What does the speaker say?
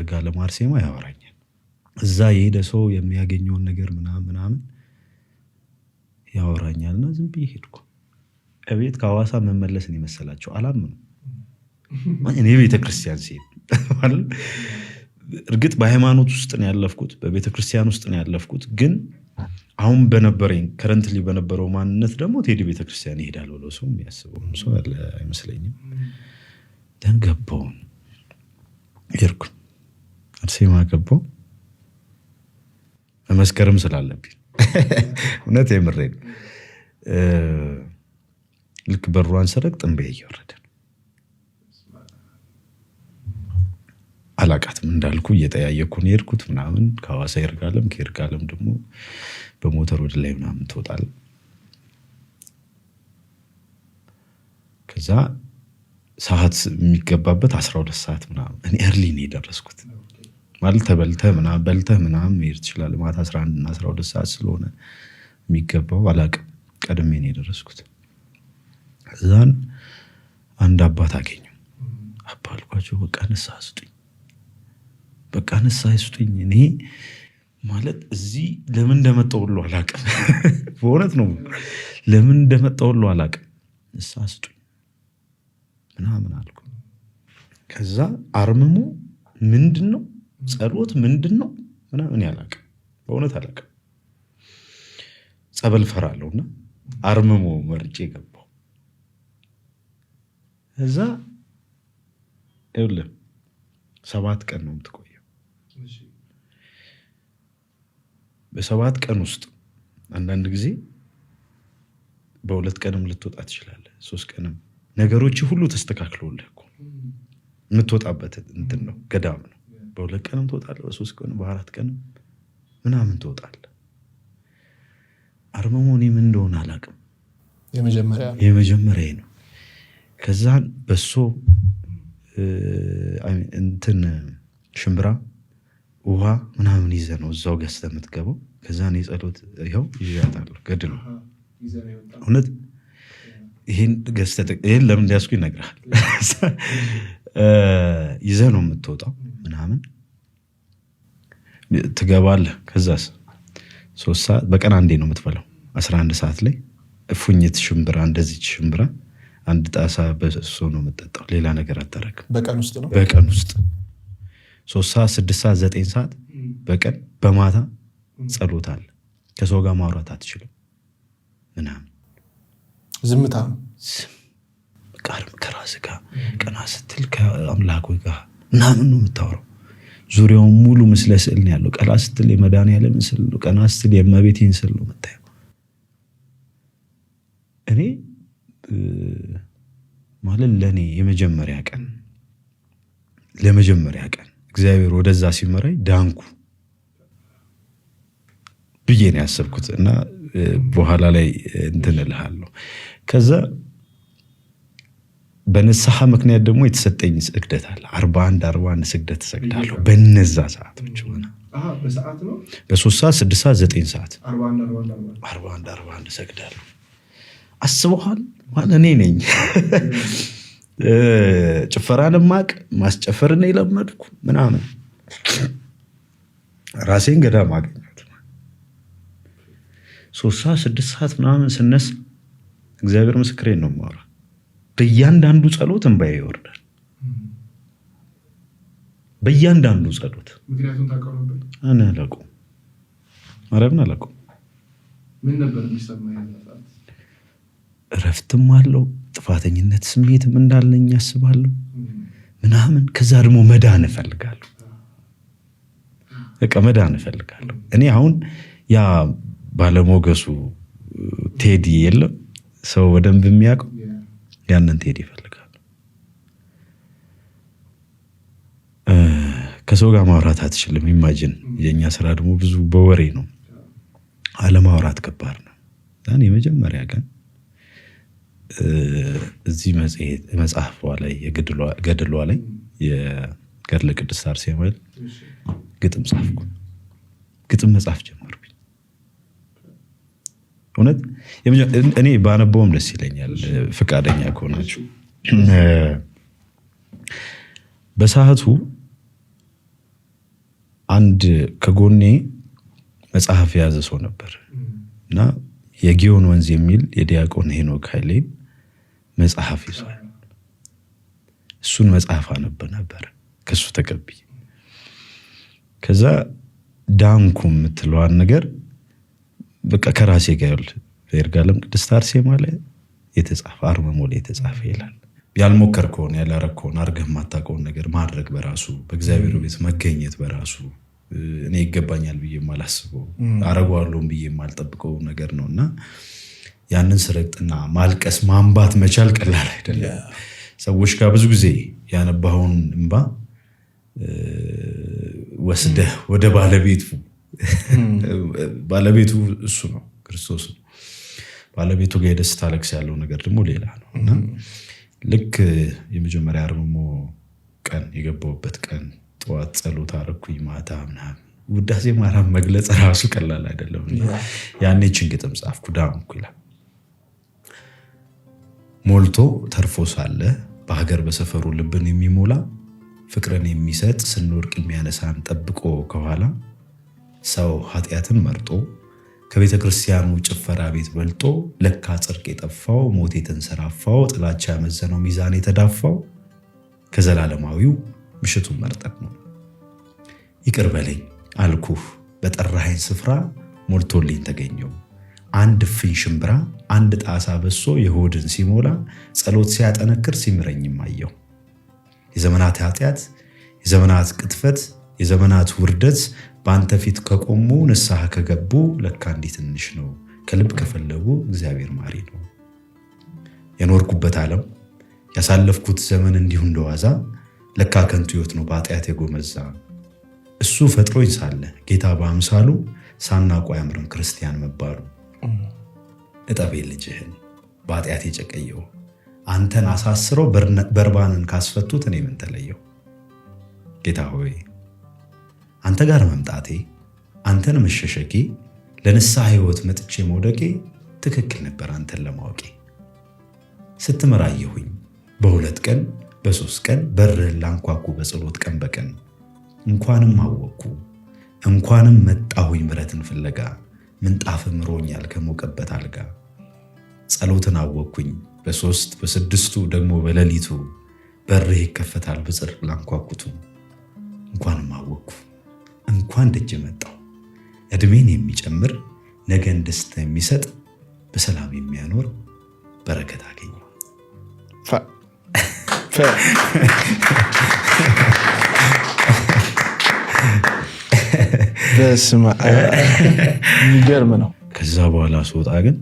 ነገር ጋር ለማርሴማ ያወራኛል። እዛ የሄደ ሰው የሚያገኘውን ነገር ምናምን ምናምን ያወራኛል እና ዝም ብዬ ሄድኩ። እቤት ከሐዋሳ መመለስን የመሰላቸው አላምኑ። እኔ ቤተክርስቲያን ሲሄድ እርግጥ በሃይማኖት ውስጥ ነው ያለፍኩት፣ በቤተክርስቲያን ውስጥ ነው ያለፍኩት። ግን አሁን በነበረኝ ከረንትሊ በነበረው ማንነት ደግሞ ቴዲ ቤተክርስቲያን ይሄዳል ብሎ ሰው የሚያስበውም ሰው ያለ አይመስለኝም። ደንገባውን ገባውን ሄድኩኝ አርሴማ ገባው መመስከርም ስላለብኝ እውነት የምሬ ነው። ልክ በሯን ስረቅ ጥንቤ እየወረደ አላቃትም እንዳልኩ እየጠያየኩ ነው የሄድኩት ምናምን ከሐዋሳ ይርጋለም ከይርጋለም ደግሞ በሞተር ወደ ላይ ምናምን ትወጣል። ከዛ ሰዓት የሚገባበት አስራ ሁለት ሰዓት ምናምን እኔ ኤርሊ ነው የደረስኩት። ማለት ተበልተህ ምናምን በልተህ ምናምን መሄድ ትችላለህ። ማታ 11 እና 12 ሰዓት ስለሆነ የሚገባው አላቅም። ቀድሜ ነው የደረስኩት። እዛን አንድ አባት አገኘሁ። አባ አልኳቸው፣ በቃ ንስሐ ስጡኝ፣ በቃ ንስሐ ስጡኝ። እኔ ማለት እዚህ ለምን እንደመጣሁ ሁሉ አላቅም። በእውነት ነው፣ ለምን እንደመጣሁ ሁሉ አላቅም። ንስሐ ስጡኝ ምናምን አልኩ። ከዛ አርምሞ ምንድን ነው ጸሎት ምንድን ነው ምናምን ያላቅ በእውነት አላቅ ጸበል ፈራለሁ እና አርምሞ መርጬ ገባው። እዛ ይኸውልህ ሰባት ቀን ነው የምትቆየው። በሰባት ቀን ውስጥ አንዳንድ ጊዜ በሁለት ቀንም ልትወጣ ትችላለህ፣ ሶስት ቀንም ነገሮች ሁሉ ተስተካክሎልህ እኮ የምትወጣበት እንትን ነው ገዳም ነው። በሁለት ቀንም ትወጣለህ፣ በሶስት ቀን በአራት ቀንም ምናምን ትወጣለህ። አርመሞ እኔ ምን እንደሆነ አላውቅም። የመጀመሪያ ነው። ከዛን በሶ እንትን ሽምብራ ውሃ ምናምን ይዘ ነው እዛው ገዝተህ የምትገባው። ከዛን የጸሎት ይኸው ገድ ነው እውነት ይህን ገዝተህ ይህን ለምን እንዲያስኩ ይነግራል ይዘህ ነው የምትወጣው ምናምን ትገባለህ። ከዛስ ሶስት ሰዓት በቀን አንዴ ነው የምትበላው። አንድ ሰዓት ላይ እፉኝት ሽምብራ፣ እንደዚች ሽምብራ አንድ ጣሳ በሶ ነው የምጠጣው። ሌላ ነገር አታረግም። በቀን ውስጥ ነው በቀን ውስጥ ሶስት ሰዓት፣ ስድስት ሰዓት፣ ዘጠኝ ሰዓት በቀን በማታ ጸሎት አለ። ከሰው ጋር ማውራት አትችልም ምናምን ዝምታ ነው። ጋርም ከራስ ጋር ቀና ስትል ከአምላኩ ጋር ምናምን ነው የምታወራው። ዙሪያውን ሙሉ ምስለ ስዕል ነው ያለው። ቀና ስትል የመድኃኒዓለም ስዕል ነው፣ ቀና ስትል የእመቤቴን ስዕል ነው የምታየው። እኔ ማለት ለእኔ የመጀመሪያ ቀን ለመጀመሪያ ቀን እግዚአብሔር ወደዛ ሲመራኝ ዳንኩ ብዬ ነው ያሰብኩት እና በኋላ ላይ እንትን እልሃለሁ ከዛ በንስሐ ምክንያት ደግሞ የተሰጠኝ ስግደት አለ። አርባ አንድ አርባ አንድ ስግደት እሰግዳለሁ። በነዛ ሰዓቶች ሆነ በሶስት ሰዓት ስድስት ሰዓት ዘጠኝ ሰዓት አርባ አንድ አርባ አንድ እሰግዳለሁ። አስበኋል። እኔ ነኝ ጭፈራን ማቅ ማስጨፈርን የለመድኩ ምናምን ራሴን ገዳም አገኘሁት። ሶስት ሰዓት ስድስት ሰዓት ምናምን ስነስ እግዚአብሔር ምስክሬን ነው የማወራው በእያንዳንዱ ጸሎት እንባ ይወርዳል። በእያንዳንዱ ጸሎት እኔ አላውቀውም፣ ማርያምን አላውቀውም። እረፍትም አለው ጥፋተኝነት ስሜትም እንዳለኝ ያስባለሁ ምናምን። ከዛ ደግሞ መዳን እፈልጋለሁ፣ በቃ መዳን እፈልጋለሁ። እኔ አሁን ያ ባለሞገሱ ቴዲ የለም ሰው በደንብ የሚያውቀው ያንን ቴዲ ይፈልጋሉ። ከሰው ጋር ማውራት አትችልም። ኢማጂን የእኛ ስራ ደግሞ ብዙ በወሬ ነው፣ አለማውራት ከባድ ነው። ዛን የመጀመሪያ ቀን እዚህ መጽሐፏ ላይ ገድሏ ላይ የገድለ ቅድስት አርሴማ ግጥም ጻፍኩ። ግጥም መጽሐፍ ጀመርኩ። እውነት እኔ ባነበውም ደስ ይለኛል፣ ፈቃደኛ ከሆናችሁ በሰዓቱ አንድ ከጎኔ መጽሐፍ የያዘ ሰው ነበር እና የጊዮን ወንዝ የሚል የዲያቆን ሄኖክ ኃይሌን መጽሐፍ ይዟል። እሱን መጽሐፍ አነብ ነበር ከሱ ተቀብዬ። ከዛ ዳንኩ የምትለዋን ነገር በቃ ከራሴ ጋር ያሉ በይርጋለም ቅድስት አርሴማ ላይ የተጻፈ አርመሞ ላይ የተጻፈ ይላል። ያልሞከርከውን ያላረግከውን አርገ የማታውቀውን ነገር ማድረግ በራሱ በእግዚአብሔር ቤት መገኘት በራሱ እኔ ይገባኛል ብዬ የማላስበው አረገዋለሁም ብዬ የማልጠብቀው ነገር ነው እና ያንን ስረግጥና ማልቀስ ማንባት መቻል ቀላል አይደለም። ሰዎች ጋር ብዙ ጊዜ ያነባኸውን እንባ ወስደህ ወደ ባለቤቱ ባለቤቱ እሱ ነው፣ ክርስቶስ ባለቤቱ ጋር ሄደህ ስታለቅስ ያለው ነገር ደግሞ ሌላ ነው እና ልክ የመጀመሪያ አርምሞ ቀን የገባውበት ቀን ጠዋት ጸሎት አረኩኝ፣ ማታ ምናምን ውዳሴ ማርያም መግለጽ ራሱ ቀላል አይደለም። ያኔ ይህችን ግጥም ጻፍኩ። ይላል ሞልቶ ተርፎ ሳለ በሀገር በሰፈሩ ልብን የሚሞላ ፍቅርን የሚሰጥ ስንወርቅ የሚያነሳን ጠብቆ ከኋላ ሰው ኃጢአትን መርጦ ከቤተ ክርስቲያኑ ጭፈራ ቤት በልጦ ለካ ጽድቅ የጠፋው ሞት የተንሰራፋው ጥላቻ ያመዘነው ሚዛን የተዳፋው ከዘላለማዊው ምሽቱን መርጠቅ ነው። ይቅር በለኝ አልኩህ በጠራኸኝ ስፍራ ሞልቶልኝ ተገኘው አንድ እፍኝ ሽምብራ አንድ ጣሳ በሶ የሆድን ሲሞላ ጸሎት ሲያጠነክር ሲምረኝም አየው። የዘመናት ኃጢአት የዘመናት ቅጥፈት የዘመናት ውርደት በአንተ ፊት ከቆሙ ንስሐ ከገቡ ለካ እንዲህ ትንሽ ነው፣ ከልብ ከፈለጉ እግዚአብሔር ማሪ ነው። የኖርኩበት ዓለም ያሳለፍኩት ዘመን እንዲሁ እንደዋዛ ለካ ከንቱ ሕይወት ነው በኃጢአት የጎመዛ። እሱ ፈጥሮኝ ሳለ ጌታ በአምሳሉ ሳናውቅ አያምርም ክርስቲያን መባሉ። እጠቤ ልጅህን በኃጢአት የጨቀየው አንተን አሳስረው በርባንን ካስፈቱት እኔ ምን ተለየው ጌታ ሆይ አንተ ጋር መምጣቴ፣ አንተን መሸሸጌ፣ ለንስሐ ሕይወት መጥቼ መውደቄ ትክክል ነበር አንተን ለማወቄ። ስትመራየሁኝ በሁለት ቀን በሶስት ቀን በርህን ላንኳኩ በጸሎት ቀን በቀን እንኳንም አወቅኩ እንኳንም መጣሁኝ ምረትን ፍለጋ ምንጣፍ ምሮኛል ከሞቀበት አልጋ ጸሎትን አወቅኩኝ በሶስት በስድስቱ ደግሞ በሌሊቱ በርህ ይከፈታል ብፅር ላንኳኩቱ እንኳንም አወቅኩ እንኳን ደጅ መጣው እድሜን የሚጨምር ነገን ደስታ የሚሰጥ በሰላም የሚያኖር በረከት አገኘ። በስመ አብ የሚገርም ነው። ከዛ በኋላ ስወጣ ግን